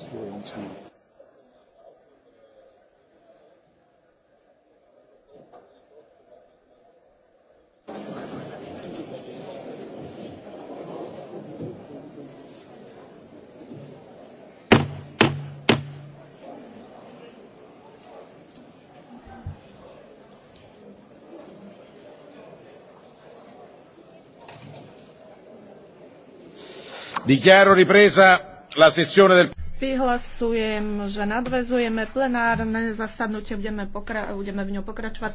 spojującymi dichiaro ripresa la sessione del Vyhlasujem, že nadvezujeme plenárne zasadnutie, budeme, budeme v ňom pokračovať.